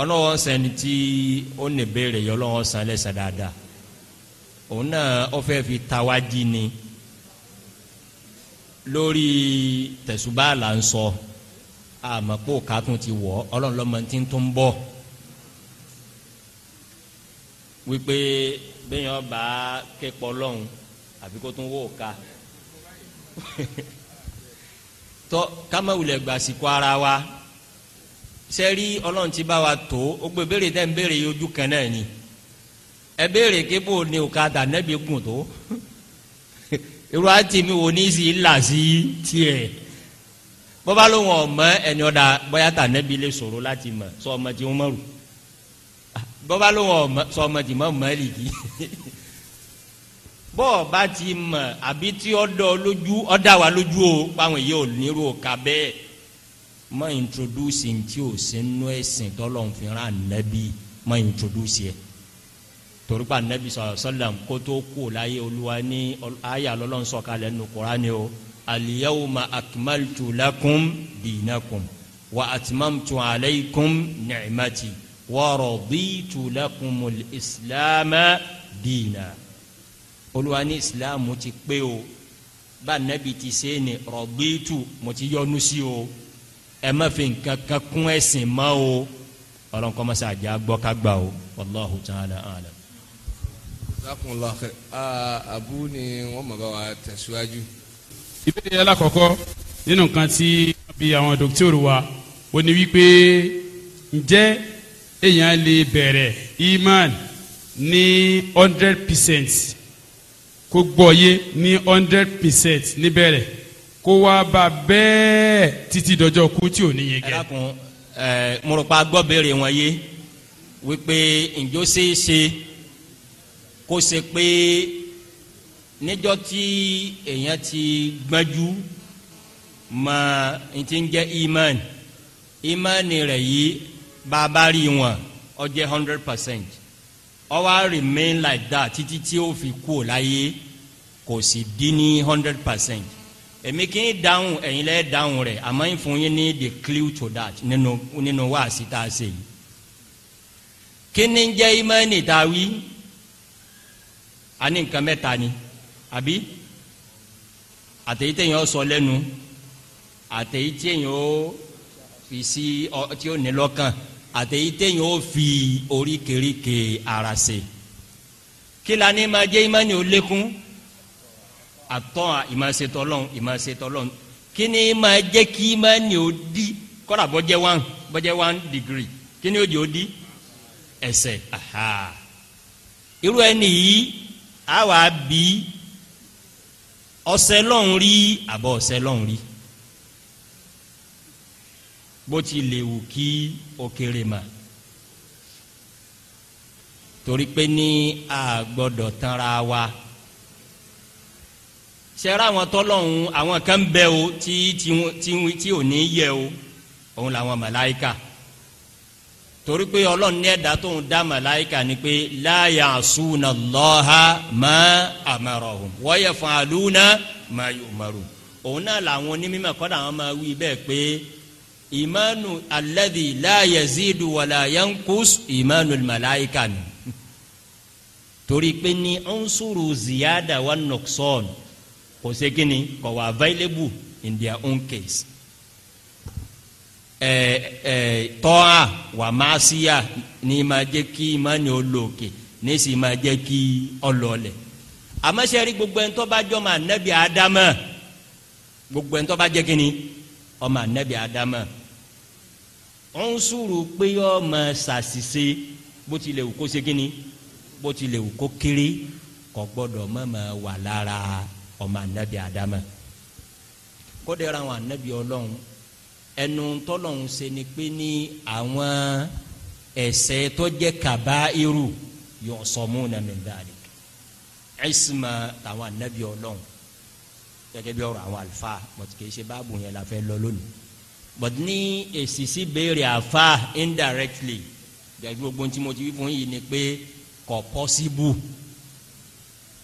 ọlọ́wọ́ sẹ́ni tí ó ní béèrè yọ ọlọ́wọ́ san lẹ́sẹ̀ dáadáa òun náà ọfẹ́ fi tawájí ni lórí tẹ̀sùbá là ń sọ àmọ́pò kátún ti wọ̀ ọlọ́run lọ́mọ tí ń tún bọ̀ wípé bẹ́ẹ̀ ọba kẹ́pọ̀ lọ́hùn àbí kó tún wò ká tọ́ kámẹ́wulẹ̀ gbàsíkò ara wa sẹ́rí ọlọ́run ti bá wa tó ó gbé béèrè tẹ́ ń béèrè ojú kan náà ni ẹ béèrè kébò ni òkàdà nẹ́bí gùn tó irú àti mi wò ní sí là sí tiẹ̀ bọ́bá ló wọn mọ̀ ẹni ọ̀dà bóyá tà nẹ́bí lè sọ̀rọ̀ láti mọ̀ sọ ọmọ tí wọ́n mọ̀ rù bọ́bá ló wọn sọ ọmọ tí mọ̀ mọ̀ lìkì bọ́ọ̀ bá ti mọ̀ àbí tí ọ̀dọ́ lójú ọ̀dà wa lójú o páwọn yìí ò nírú òkà bẹ́ẹ̀ má introduce ntí o sí nú ẹ̀sìn tọ́lọ̀ ń fira nàbí má introduce yẹ torípa nàbí sọ̀rọ̀sọ̀làm kó tó kú láyé olúwa ní àyà lọ́lọ́n sọ̀kalẹ̀ nù Kùránì o al-yawma akmaltu lakum dinakum wa atmamtu alaykum ni'mati wa raditu lakumul islama dina olúwa ní islam ti pé o bá nàbí ti sẹ́ni raditu mo ti yọ́nú sí o ẹ má fi nǹkan kan kún ẹ̀sìn mọ́ o ọlọ́run kọ́ mọ́sá àjà gbọ́ ká gbà o wallahu ta'ala a'lam. jazakumullahu abu ni wọ́n mọ̀ bá wa tẹ̀síwájú. ìbéèrè alákọ̀ọ́kọ́ nínú nǹkan tí bí àwọn dókítà wa ó ní wípé ǹjẹ́ èèyàn lè bẹ̀rẹ̀ iman ní hundred percent kó gbọ́ yé ní hundred percent níbẹ̀rẹ̀ kó wá bá bẹ́ẹ̀ títí dọjọ́ kú tí ò ní yege. ẹ dákun ẹ mùrùpá gbọ́ béèrè wọn yé wípé ǹjọ́ ṣeé ṣe kó ṣe pé níjọ́ tí èèyàn ti gbájú mọ ní ti ń jẹ́ imán imán rẹ̀ yìí bàbá rí wọn ó jẹ́ hundred percent ó wá remain like that títí tí ó fi kú ò láyé kò sì dín ní hundred percent èmi kì í dáhùn ẹ̀yin lẹ́ẹ̀ dáhùn rẹ̀ àmọ́ ń fún yín ní the clue to that nínú nínú wáàsí tá a ṣe yìí kí ni ń jẹ́ ìmọ̀ẹ́nì tá a wí a ní nǹkan mẹ́ta ni àbí àtẹ̀yí téèyàn sọ lẹ́nu àtẹ̀yí téèyàn ó fi sí ọ tí ó ní lọ́kàn àtẹ̀yí téèyàn ó fi oríkèéríkèé ara ṣe kí la ní ma jẹ́ ìmọ̀ẹ́nì ó lékún àtọ́ ìmọ̀ọ́sẹ̀tọ̀ ọlọ́run ìmọ̀ọ́sẹ̀tọ̀ ọlọ́run kí ni máa jẹ́ kí máa ní o di kọ́dà bọ́jẹ́ one bọ́jẹ́ one degree kí ni o jẹ́ o di ẹsẹ̀ aha irú ẹni yìí a wà bí ọsẹ lọ́hùn rí àbọ̀ ọsẹ lọ́hùn rí bó ti lè wù kí o kéré ma torí pé ní a gbọ́dọ̀ tanra wa sẹ́rà àwọn tọ́lọ́hún àwọn kan bẹ o tí tí tí tí ò ní yẹ o òun làwọn màláìka torí pé ọlọ́run ní ẹ̀dá tóun dá màláìka ni pé la ya'suna Allaha ma amarahum wa yaf'aluna ma yu'marun òun náà làwọn onímọ̀ kọ́dà àwọn máa wí bẹ́ẹ̀ pé ìmánu alladhi la yazidu wa la ìmánu màláìka ni torí pé ní unsuru ziyada wa nuqsan kò se kí ni kò wà available in their own case. ẹ ẹ tọ́ra wà máa síyà ní máa jẹ́ kí ìmánì olóòkè ní sì máa jẹ́ kí ọlọ́ọ̀lẹ̀. àmọ́ ṣe rí gbogbo ẹni tó bá jọ máa nẹ́bí ádámà gbogbo ẹni tó bá jẹ́ kí ni ọmọ nẹ́bí ádámà. ó ń sùúrù pé ọmọ ṣàṣìṣe bó tilẹ̀ wù kó ṣe kí bó tilẹ̀ wù kó kéré kò gbọ́dọ̀ mọ̀ mọ̀ wà lára ọmọ anabi adama kódé ra àwọn anabi ọlọ́run ẹnu tọ́lọ́run ṣe ni pé ní àwọn ẹ̀ṣẹ̀ tó jẹ́ kaba irú yu'samuna min dhalik isma àwọn anabi ọlọ́run gẹ́gẹ́ bí ọ̀rọ̀ àwọn àlùfà bọ̀tù kìí ṣe báàbù yẹn la fẹ́ lọ lónìí but ní èsì béèrè àfa indirectly gẹ́gẹ́ gbogbo tí mo ti wí fún yìí ni pé kò possible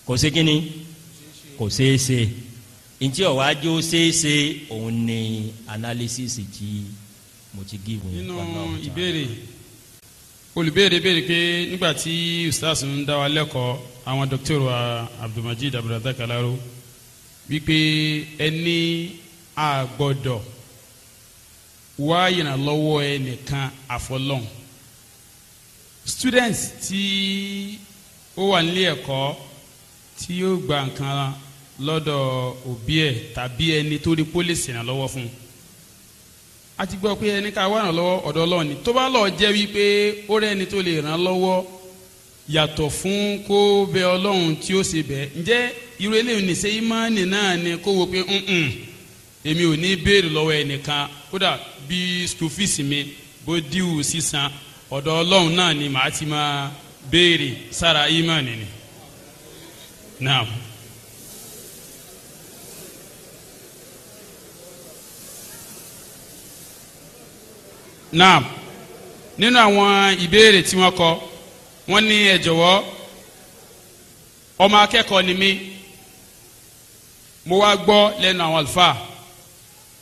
kò sí kínní kò ṣeé ṣe ntí ọ̀wá jó ṣeé ṣe òun ni analysis tí mo ti give you. nínú ìbéèrè olùbéèrè béèrè pé nígbà tí ustaz ń dá wa lẹ́kọ̀ọ́ àwọn dókítà wa abdulmajid abdulrazak alaro wípé ẹni a gbọ́dọ̀ wá ìrànlọ́wọ́ ẹnìkan àfọlọ́hún students tí ó wà nílé ẹ̀kọ́ tí yóò gba nǹkan lọ́dọ̀ òbí ẹ̀ tàbí ẹni tó rí pólì sìnà lọ́wọ́ fún un a ti gbọ́ pé ẹni ká wà ràn lọ́wọ́ ọ̀dọ̀ Ọlọ́run ni tó bá lọ jẹ́ wípé ó rẹ́ ẹni tó lè ràn lọ́wọ́ yàtọ̀ fún kó bẹ Ọlọ́run tí ó ṣe bẹ́ẹ̀ ǹjẹ́ irú eléyìí nìṣe ìmánì náà ni kó wo pé ǹǹ èmi ò ní béèrè lọ́wọ́ ẹnìkan kódà bí school fees mi bó díwù sísan ọ̀dọ̀ Ọlọ́run náà ni màá ti máa béèrè sára ìmánì ni. Naam. naam nínú àwọn ìbéèrè tí wọ́n kọ wọ́n ní ẹ jọ̀wọ́ ọmọ akẹ́kọ̀ọ́ ni mí mo wá gbọ́ lẹ́nu àwọn àlùfáà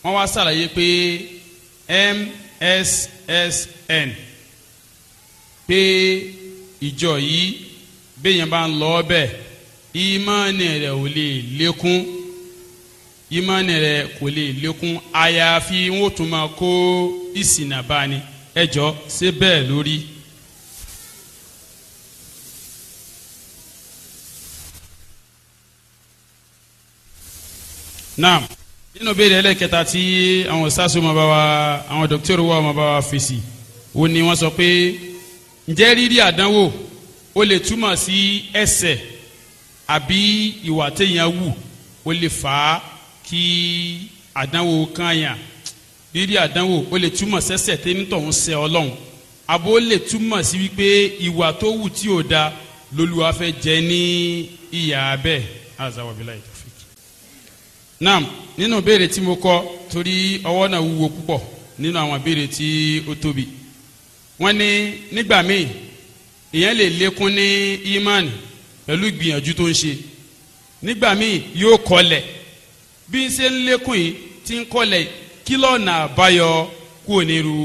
wọ́n wá ṣàlàyé pé mssn pé ìjọ yìí béèyàn bá ń lọ ọbẹ̀ ìmọ̀ọ́nì rẹ̀ ò lè lékún ìmánì rẹ̀ kò lè lékún àyàfi wọn ò tún máa kó ìsìnà bá ni ẹ jọ ṣé bẹ́ẹ̀ lórí. naam nínú béèrè ẹlẹ́kẹta tí àwọn sars ma bá wa àwọn dókítà wa ma bá wa fèsì ó ní wọ́n sọ pé ǹjẹ́ rírí àdánwò ó lè túmọ̀ sí ẹ̀ṣẹ̀ àbí ìwà téèyàn wù ó lè fà á kí àdánwò kányà rírí àdánwò ó lè túmọ̀ sẹ́sẹ̀ tẹ́nitọ̀hún ṣẹ̀ ọlọ́run àbó lè túmọ̀ sí wípé ìwà tó wù tí ò da lolúwa fẹ́ jẹ ní ìyà abẹ́ azawabila itafik. naam nínú béèrè tí mo kọ torí ọwọ́ náà wúwo púpọ̀ nínú àwọn béèrè tí ó tóbi wọ́n ní nígbà míì èèyàn lè lékún ní imán pẹ̀lú ìgbìyànjú tó ń ṣe nígbà míì yóò kọlẹ̀ bí n ṣe ń lékún yìí ti ń kí lọ́nà àbáyọ kúrò nírú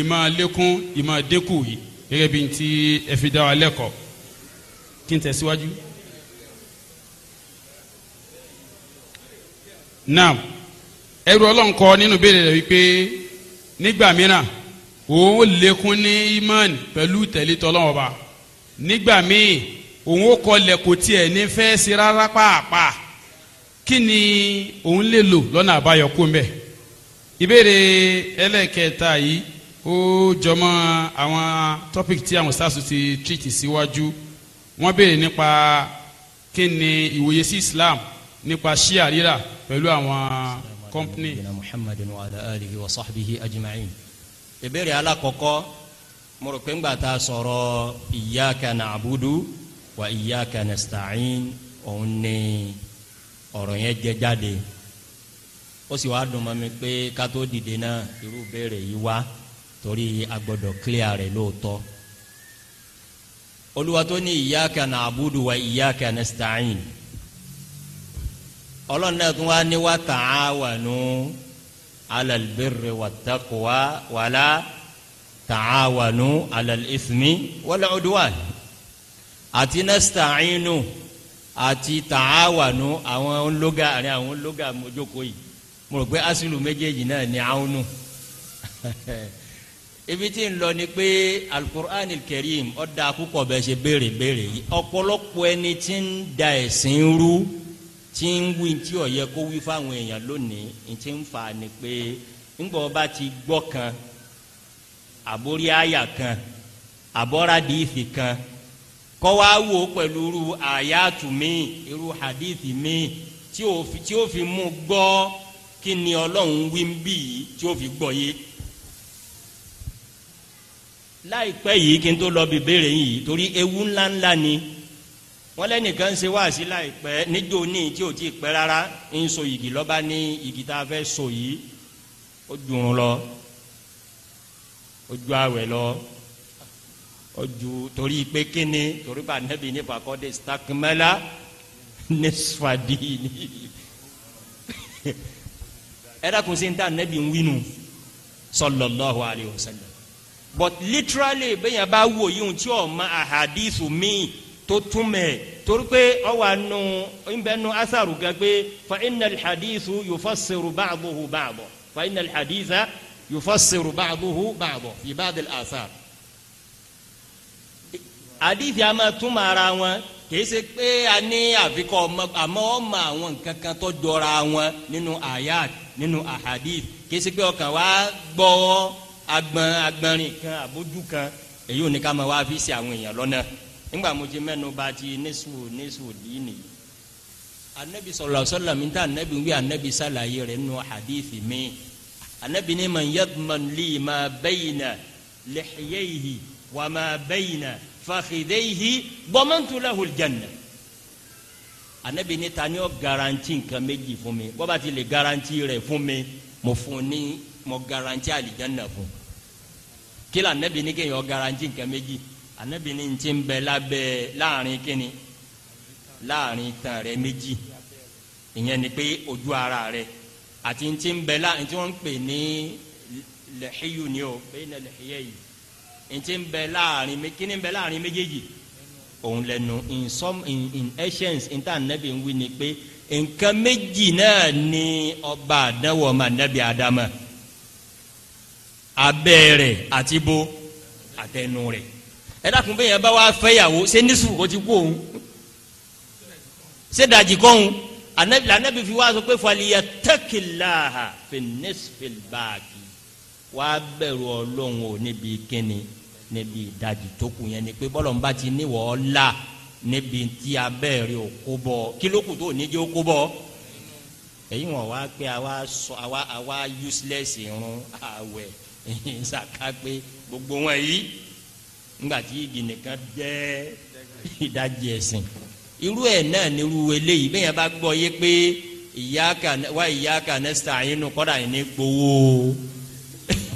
ìmọ̀ lékún ìmọ̀ dínkù yìí gẹ́gẹ́ bí n ti ẹ fi dá wa lẹ́kọ̀ọ́ kí n tẹ̀síwájú. ọlọ́nkọ nínú béèrè wípé nígbà mìíràn kí ni òun lè lò lọ́nà àbáyọ kó mbẹ́ ìbéèrè ẹlẹ́kẹta yìí ó jọmọ́ àwọn tí àwọn ti treat síwájú wọ́n béèrè nípa kí ni ìwòye sí Islam nípa shia rírà pẹ̀lú àwọn company. ìbéèrè alákọ̀ọ́kọ́ mo rò pé wa ọ̀rọ̀ yẹn jẹ jáde ó sì wá dùn mọ́ mi pé ká tó dìde náà irú béèrè yìí wá torí a gbọ́dọ̀ clear rẹ̀ lóòótọ́ olúwa tó ní iyyaka na'budu wa iyyaka nasta'in ọlọ́run náà tún wá ní wa ta'awanu 'ala al-birri wat-taqwa wala ta'awanu 'ala al-ithmi wal-'udwan àti nasta'inu àti tààwànú àwọn ológa àárín àwọn ológa mojoko yìí mo rò pé asilu méjèèjì náà ni àwọn nù ibi tí ń lọ ni pé alukur'an kẹrim ọ̀dà púpọ̀ bẹ́ẹ̀ ṣe béèrè béèrè yìí ọ̀pọ̀lọpọ̀ ẹni tí ń da ẹ̀sìn rú tí ń wí tí ó yẹ kó wí fáwọn èèyàn lónìí ti ń fa ni pé ńgbọ́ bá ti gbọ́ kan àbórí àyà kan àbọ́rádìí ìfì kan kọ́ wa wò pẹ̀lú irú àyàtú mi irú hadithi mi tí ó fi tí ó fi mú gbọ́ kí ni ọlọ́run wí ń bì yìí tí ó fi gbọ́ yé láìpẹ́ yìí kí n tó lọ bí béèrè yìí torí ewu ńláńlá ni wọ́n lẹ́nìkan ṣe wá sí láìpẹ́ níjó ní tí ò tí ì pẹ́ rárá ń so igi lọ́ba ní igi tá a fẹ́ so yìí ó dùn lọ ó ju àwẹ̀ lọ ojú torí pé kíni torí pé anabi ní fakọ́dé stakmẹ́lá ní sfadì ní ẹ̀rọ kò sí ní ta anabi ń winu sallallahu alayhi wa sallam but literally bẹ́ẹ̀ yẹn bá wò yíhun tí o ma ahadithu mi tó túmẹ̀ torí pé ọ wà nù ìbẹ́ nù asaru gan pé fa inna alhadithu yufassiru ba'duhu ba'dahu fa inna alhaditha yufassiru ba'duhu ba'dahu fi ba'd al-athar àdìsí a máa túmọ̀ ara wọn kì í ṣe pé a ní àfikọ́ àmọ́ ọmọ àwọn nǹkan kan tó jọra wọn nínú ayat nínú ahadith kì í ṣe pé ọkàn wa gbọ́ agbọn agbọnrin kan àbójú kan èyí ò ní ká máa wá fi ṣe àwọn èèyàn lọ́nà nígbà mo ti mẹ́nu bà ti nísù nísù dìí anabi sọlọ sọlọ mi ta anabi wi anabi ṣàlàyé rẹ̀ nù hadithi mi anabi ni man yadman li ma bayna lihiyehi wa ma bayna fakhidayhi damantu lahul janna anabi ni ta ni o garanti nǹkan méjì fún mi bó bá ti lè garanti rẹ̀ fún mi mo fún ni mo garanti alijanna fún kila anabi ni kéèyàn garanti nǹkan méjì anabi ni ti ń bẹ lábẹ́ láàrin kíni láàrin tan rẹ̀ méjì ìyẹn ni pé ojú ara rẹ̀ àti ti ń bẹ láàrin tí wọn pè ní lẹhíyù ni o bẹ́ẹ̀ ni lẹhíyẹ yìí ntí ń bẹ láàrin kíní ń bẹ láàrin méjèèjì òun lẹnu in some in in essence n ta nẹbi ń wí ni pé nǹkan méjì náà ni ọba àdánwò ọmọ nẹbi àdámà abẹ́ rẹ̀ àti bo àtẹnu rẹ̀ ẹ dákun bẹ́ẹ̀ yẹn bá wá fẹ́yàwó ṣé nísù kò ti kú òun ṣé dàjì kọ́hún anabi anabi fi wá sọ pé faliyatakilaha fi nisfil baaki wàá bẹ̀rù ọlọ́run o níbi kíni níbi ìdajì tó kù yẹn ni pé bọ́lọ̀ ń bá ti níwọ̀ ọ́ la níbi tí abẹ́rẹ́ òkú bọ̀ kílókù tó níjẹ́ òkú bọ̀ èyí wọn wá pé àwa sọ àwa àwa useless irun àwẹ̀ ẹ̀yìn sàkà pé gbogbo wọn yìí ńgbà tí igi nìkan jẹ́ ìdajì ẹ̀sìn irú ẹ̀ náà ni irú eléyìí bẹ́ẹ̀ yẹn bá gbọ́ yé pé ìyá kan wá ìyá kan nẹ́sítà yín nù kọ́dà yín ní gbowó.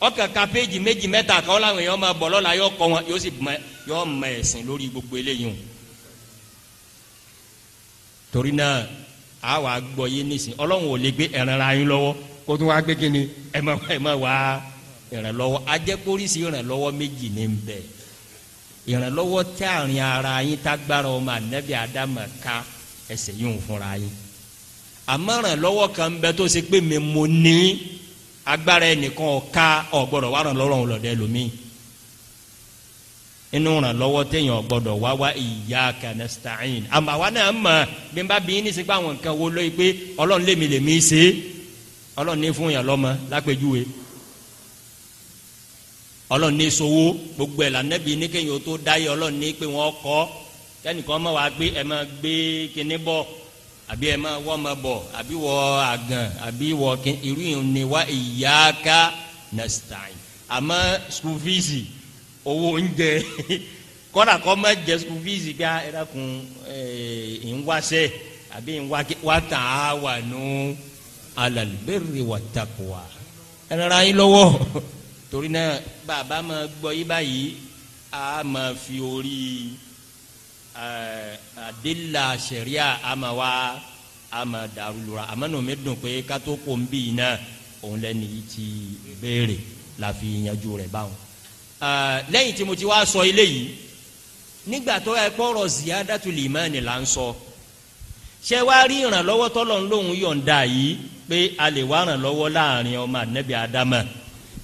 ọkàn kapeji péjì méjì mẹ́ta kan láwọn èèyàn máa bọ̀ lọ́la yọ kọ wọn yóò sì yọ mọ ẹ̀sìn lórí gbogbo eléyìí o torí náà a wà gbọ́ yé nísìn ọlọ́run ò lè gbé ẹ̀ràn ra yín lọ́wọ́ kó tún wá gbé kíni ẹ̀ má ẹ̀ má wá ìrànlọ́wọ́ ajẹ́kórìsì ìrànlọ́wọ́ méjì ní bẹ̀ ìrànlọ́wọ́ tí àárín ara yín tágbára ọmọ ànábì ádámà ká ẹsẹ̀ yín fúnra yín àmọ́ ìrànlọ́wọ́ kan bẹ tó ṣe pé mi mo ní agbára ẹnìkan ọ̀ka ọ̀gbọ́dọ̀ wà lọ́rọ̀ ọ̀lọ́dẹ lómìn inú ìrànlọ́wọ́ téèyàn gbọ́dọ̀ wá wá iyyaka nasta'in àmọ́ àwa náà mọ̀ bí n bá bí ní sípò àwọn nǹkan wo lóye pé ọlọ́run lèmi lèmi ṣe ọlọ́run ní fún yàn lọ́mọ lápèjúwe ọlọ́run ní sowó gbogbo ẹ̀ lànàbí ní kéèyàn tó dáyé ọlọ́run ní pé wọ́n kọ́ kẹ́nìkan mọ̀ wá gbé ẹ̀ máa gbé kinní bọ̀ àbí ẹ máa wọ́ ọmọ bọ̀ àbí wọ àgàn àbí wọ irú yìí ni wá iyyaka nasta'in àmọ́ school fees owó oúnjẹ kọ́dà kọ́ má jẹ school fees ká ah, ẹ dákun ẹ̀ eh, ń wáṣẹ́ àbí ń wá ta'awanu alal birri wat taqwa ẹ rárá yín lọ́wọ́ torí náà bàbá máa gbọ́ yí báyìí a máa fi orí yìí àdìlà sẹ̀ríà àmà wa àmà dàrúlùrà àmọ́nà mi dùn pé kátó kò ń bì iná òun lẹ́nu yìí ti béèrè la fi yanjú rẹ̀ báwọn. Eh, lẹ́yìn tí mo ti wá sọ eléyìí nígbà tó ẹ kọ́rọ̀ ziyadatul imani là ń sọ ṣé wàá rí ìrànlọ́wọ́ tọ́lọ́ ń lóun yọ̀ǹda yìí pé a lè wá ìrànlọ́wọ́ láàrin ọmọ ànábì ádámà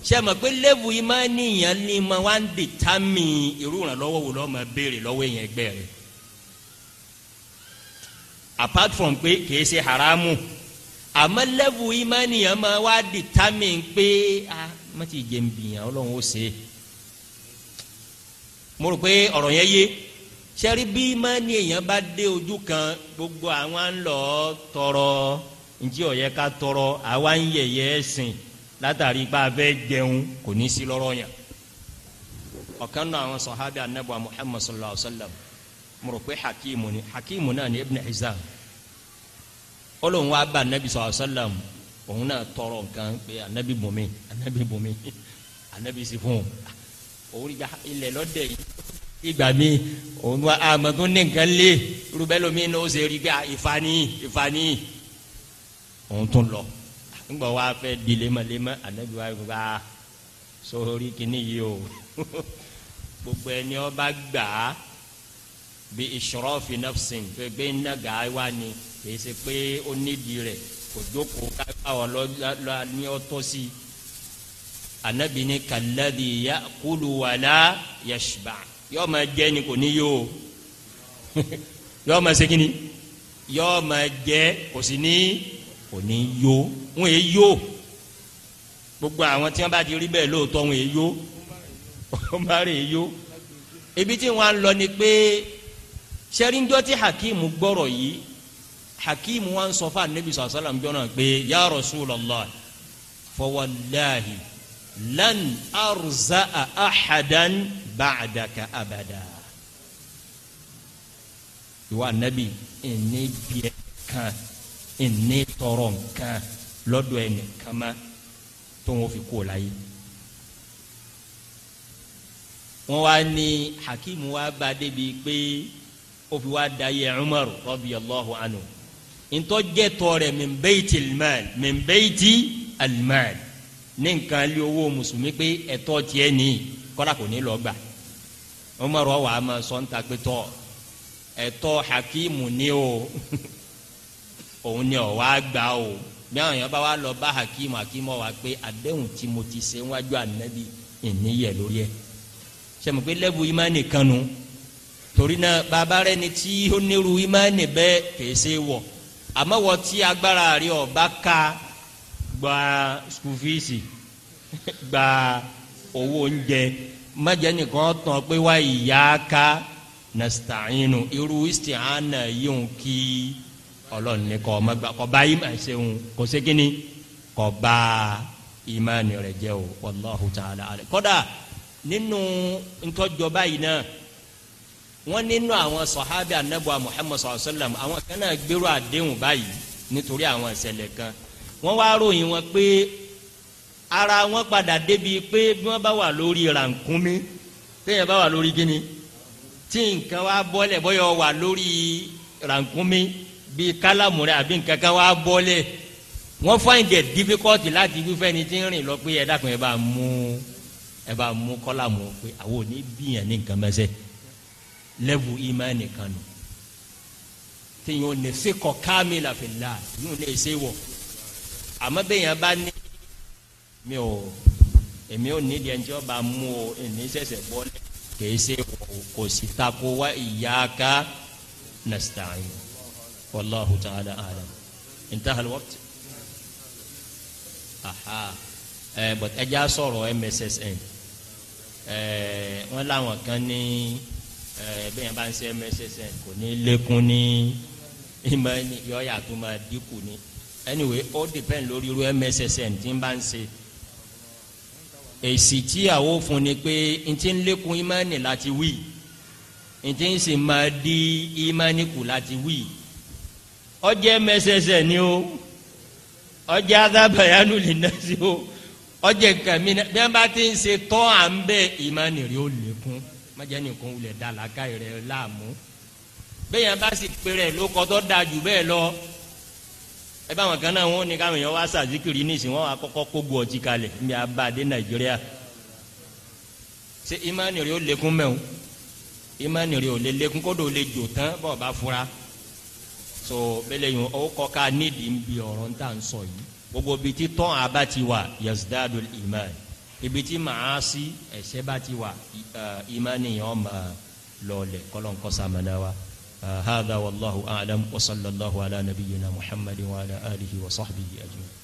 ṣe mọ̀ pé lẹ́bù ìmánìyàn ni mo wá ń dìtámì irú ìrànlọ́wọ́ wo lọ́ọ́ máa béèrè lọ́wọ́ èèyàn ẹgbẹ́ apart from pé kìí ṣe haramu àmọ́ lẹ́bù ìmánìyàn máa wá determine pé a ah, má ti jẹ́ nbìyàn ọlọ́run ó ṣe mo rò pé ọ̀rọ̀ yẹn yé sẹ́rí bí ìmánìyàn bá dé ojú kan gbogbo àwọn à ń lọ tọrọ njẹ́ ó yẹ ká tọrọ àwa ń yẹ̀yẹ́ ẹ̀sìn látàrí pé a fẹ́ jẹun kò ní sí lọ́rọ̀ yẹn ọ̀kan náà àwọn sọ̀hábì anábọ̀ Muhammad sallallahu alayhi wa sallam mo rò pé hakimu ni hakimu náà ni ibn hizam olóhùn wa bá anabi sallallahu alaihi wasallam òun náà tọrọ nǹkan pé anabi bùnmi anabi bùnmi anabi sì fún un òun ìgbà ilẹ̀ lọ́dẹ̀ yìí ìgbà mi òun wa amadu ní nǹkan lé rúbẹ́lómi ní ó ṣe rí gbà ìfani ìfani òun tún lọ ńgbà wa fẹ́ di lémalémá anabi wa gba sórí kìnnìyí o gbogbo ẹni ọba gbà bí ìṣòrọ́ọ̀fì nọ́fṣìn pé gbé nàgà wá ni kìí ṣe pé ó nídìí rẹ̀ kò jókòó káwọn lọ ní ọtọ́ sí i anabi ni kàlẹ́dì yá kúlù wàlá yashba yọ́ọ́ máa jẹ́ ni kò ní yó yọ́ọ́ máa ṣe kí ni yọ́ọ́ máa jẹ́ kò sí ní kò ní yó wọn gbogbo àwọn tí wọn bá ti rí bẹ́ẹ̀ lóòótọ́ wọn èé yó wọn bá rè é ibi tí wọn lọ ni pé sẹ́ríńdọ́ tí hakeem gbọ́rọ̀ yìí hakeem wa ń sọ fún anabi sọ̀rọ̀ sọ́lá ǹjọ́ náà pé ya Rasulullah fawallahi lan arza'a ahadan ba'daka abada. ìwà anabi ẹni bíẹ kan ẹni tọrọ nǹkan lọ́dọ̀ ẹni kama tó wọn fi kó o la yìí wọn wá ní hakeem wa bá débi pé ó fi wá da yẹ Umar radiyallahu anhu ntọjẹ tọọrẹ min baytil mal min bayti al mal ne nkan li owó mùsùlùmí pé ẹ̀tọ́ tiẹ̀ ni kọla kò ní lọ gbà Umar wa ma sọn ta pé tọ ẹ̀tọ́ hakimu ni o òun ni ọ wá gbà o bí àwọn yẹn bá wà lọ bá hakimu hakimu wa pé àdéhùn tí mo ti ṣe wájú ànábi ìníyẹ lórí ẹ sẹmu pé lẹbu imá nìkan nu. No torí náà bàbá rẹ ni tí ó nírú ìmánì bẹ́ẹ̀ kìí ṣe wọ̀ àmọ́ wọ́n tí agbára rẹ ọba ká gba skul fíìsì gba owó oúnjẹ májẹ́ nìkan tán pé wá ìyá ká nàstàínù irú ìsìtìhánà yìí ń kí ọlọ́run ní kọ́ ọmọ gbà kọ́ bá yìí máa ṣe òun kò ṣe kínní kọ́ o ta'ala nínú ntọ́jọba yìí náà. wọ́n nínú àwọn sọ̀hábì anábọ̀ Muhammad sallallahu alaihi wasallam àwọn kan náà gbèrò àdéhùn báyìí nítorí àwọn ìṣẹ̀lẹ̀ kan wọ́n wá ròyìn wọn pé ara wọn padà débi pé bí wọ́n bá wà lórí rànkúnmí téèyàn bá wà lórí gíní tí nǹkan wá bọ́lẹ̀ bọ́yọ̀ wà lórí rànkúnmí bíi kálámù rẹ̀ àbí nǹkan kan wá bọ́lẹ̀ wọ́n find it difficult láti wífẹ́ ni tí ń rìn lọ pé ẹ dákun ẹ bá mú ẹ bá mú kọ́lámù pé àwọn ò ní bíyàn ní nǹkan mẹ́sẹ̀ẹ́ lẹ́bù ìmánì kan nù tíyẹn ò lè ṣe kọ kámi làfẹ̀lá yóò lè ṣe wọ̀ àmọ́ bẹ́ẹ̀ yẹn bá ní mi ò èmi ò ní diẹ njẹ́ ọba mú o èmi sẹ̀sẹ̀ bọ́ kìí ṣe kò sí tako wá iyyaka nasta'in wallahu ta'ala a'lam intaha al aha eh, ẹ bọ̀t ẹ jẹ́ a mssn ẹ eh, wọ́n láwọn kan ní. Eh, ẹ bẹ́ẹ̀ bá ń ṣe mẹ́sẹsẹ kò ní lékún ní ìmọ̀ ẹni yọ̀ọ́yà tó máa dínkù ní anyway all depend lórí irú mẹ́sẹsẹ tí ń bá ń ṣe èsì tí àwọn fún ni pé n ti ń lékún ìmọ̀ẹ́nì láti wí n ti ń sì máa di ìmọ̀ẹ́nì kù láti wí ọjẹ́ mẹ́sẹsẹ ni o ọjẹ́ adábàyánú lè ná sí o ọjẹ́ nǹkan mi náà bí wọ́n bá ti ń ṣe tọ́ à ń bẹ ìmọ̀ẹ́nì rí ó lékún mọ̀jẹ́ nìkan wulẹ̀ da làákà rẹ̀ láàmú bẹ́ẹ̀ yẹn bá sì pé rẹ̀ da jù bẹ́ẹ̀ lọ ẹ bá wọn kan náà wọn ní káwọn èèyàn wá sàzíkiri ní ìsìn wọn wá kọ́kọ́ kógun ọtí kalẹ̀ níbi abáde nàìjíríà ṣé ìmánì rẹ̀ ó lékún mẹ́wọ́n ìmánì rẹ̀ ó lé lékún kódò lè jò tán bọ́ọ̀ bá fura so bẹ́ẹ̀ yẹn ó kọ́ ká nídìí ń bi ọ̀rọ̀ ń tà ń sọ yìí gbogbo bíi títọ́ àbá ti wà yasdadul ìmánì ibi tí màá sí ẹ̀ṣẹ̀ bá ti wà ìmánìyàn ọmọ lọ́ọ̀lẹ̀ kọ́lọ́nkọ́sá mọ̀nà wa. هذا والله أعلم وصلى الله على نبينا محمد وعلى آله وصحبه أجمعين